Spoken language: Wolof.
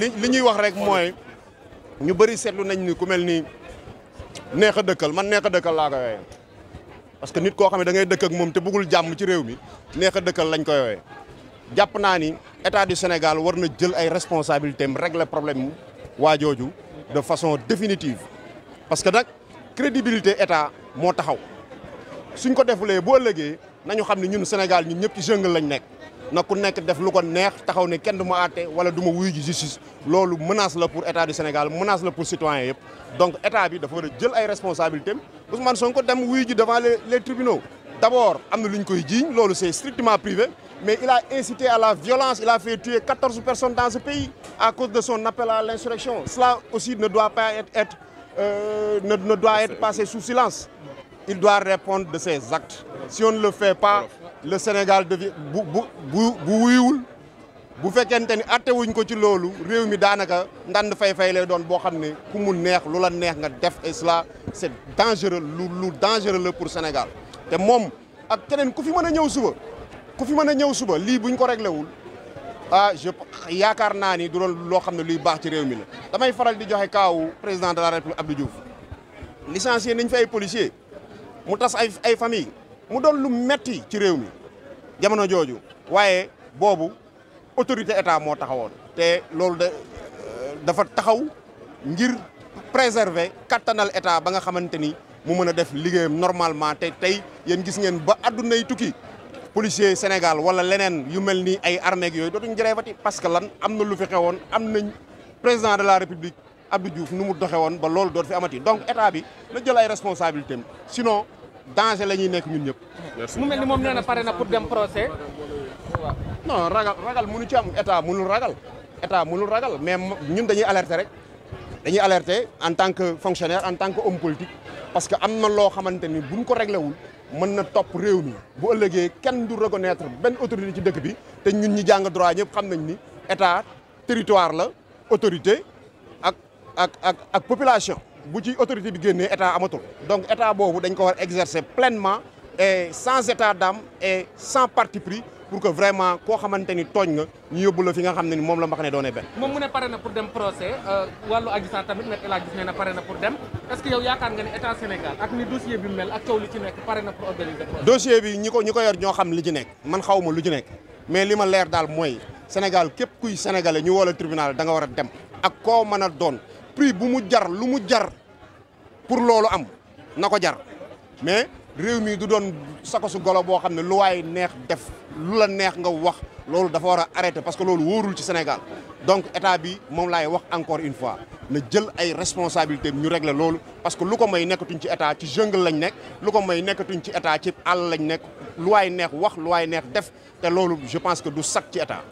li li ñuy wax rek mooy ñu bëri seetlu nañ ni ku mel ni neex a dëkkal man neex a dëkkal laa ko parce que nit koo xam ne da ngay dëkk ak moom te bëggul jàmm ci réew mi neex a dëkkal lañ ko yooyee jàpp naa ni état du Sénégal war na jël ay responsabilités mu régler problème waa jooju de façon définitive parce que nag crédibilité état moo taxaw suñ ko defulee boo ëllëgee nañu xam ne ñun Sénégal ñun ñëpp ci jungle lañ nekk na ku nekk def lu neex taxaw ne kenn du ma àtte wala du ma wuyu ji justice loolu menace la pour état du Sénégal menace la pour citoyen yëpp donc état bi dafa war a jël ay responsabilités Ousmane Sonko dem wuyu ji devant les tribunaux d' abord am na lu ñu koy jiiñ loolu c' est strictement privé mais il a incité à la violence il a fait tuer quatorze personnes dans ce pays à cause de son appel à l' insurrection aussi ne doit pas être être euh, ne, doit le Sénégal devient bu bu bu bu wuyuwul bu fekkente ni attewuñ ko ci loolu réew mi daanaka ndand fay-fay lay doon boo xam ne ku mu neex lu la neex nga def et cela c'est dangereux lu lu la pour Sénégal te moom ak keneen ku fi mën a ñëw suba ku fi mën a ñëw suba lii buñ ko réglé wul ah je yaakaar naa ni du doon loo xam ne luy baax ci réew mi la damay faral di joxe kaaw président de la République Abdou Diouf licencié nañ fi ay policiers mu tas ay ay famille mu doon lu metti ci réew mi jamono jooju waaye boobu autorité état moo taxawoon. te loolu da euh, dafa taxaw ngir préserver kattanal état ba nga xamante ni mu mën a def liggéeyam normalement te tey yéen gis ngeen ba addunay tukki policier Sénégal wala leneen yu mel ni ay armée ak yooyu dootuñ grèvati parce que lan am na lu fi xewoon am na président de la république Abdou Diouf nu mu doxe woon ba loolu doot fi amati donc état bi na jël ay responsabilités sinon. danger la ñuy nekk ñun ñëpp. mu mel ni moom nee na pare na pour dem procès. non ragal ragal mënu ci am état mënul ragal état mënul ragal mais ñun dañuy alerter rek dañuy alerter en tant que fonctionnaire en tant que homme politique. parce que am na loo xamante ni buñ ko réglé wul mën na topp réew mi bu ëllëgee kenn du reconnaître benn autorité ci dëkk bi te ñun ñi jàng droit ñëpp xam nañ ni état territoire la autorité ak ak population. bu ci autorité bi génnee état amatul donc état boobu dañ ko war exercer pleinement et sans état d'âme et sans parti pris pour que vraiment koo xamante ni tooñ nga ñu yóbbu la fi nga xam ne ni moom la mbax ne doonee benn. moom mu ne pare na pour dem procès euh, wàllu Adji Sarr tamit nag El Hadj nee na pare na pour dem est-ce que yow yaakaar nga ni état Sénégal ak ni dossier bi mel ak coow li ci nekk pare na pour organiser dossier bi ñi ko ñi ko yor ñoo xam li ci nekk man xaw ma lu ci nekk mais li ma leer daal mooy Sénégal képp kuy sénégalais ñu woo la da nga war a dem ak koo mën a doon. prix bu mu jar lu mu jar pour loolu am na ko jar mais réew mi du doon sakosu golo boo xam ne lu waaye neex def lu la neex nga wax loolu dafa war a arrêter parce que loolu wóorul ci Sénégal donc état bi moom laay wax encore une fois na jël ay responsabilités ñu régler loolu parce que lu ko may nekkatuñ ci état ci jungle lañ nekk lu ko may nekkatuñ ci état ci àll lañ nekk lu waay neex wax lu waay neex def te loolu je pense que du sax ci état.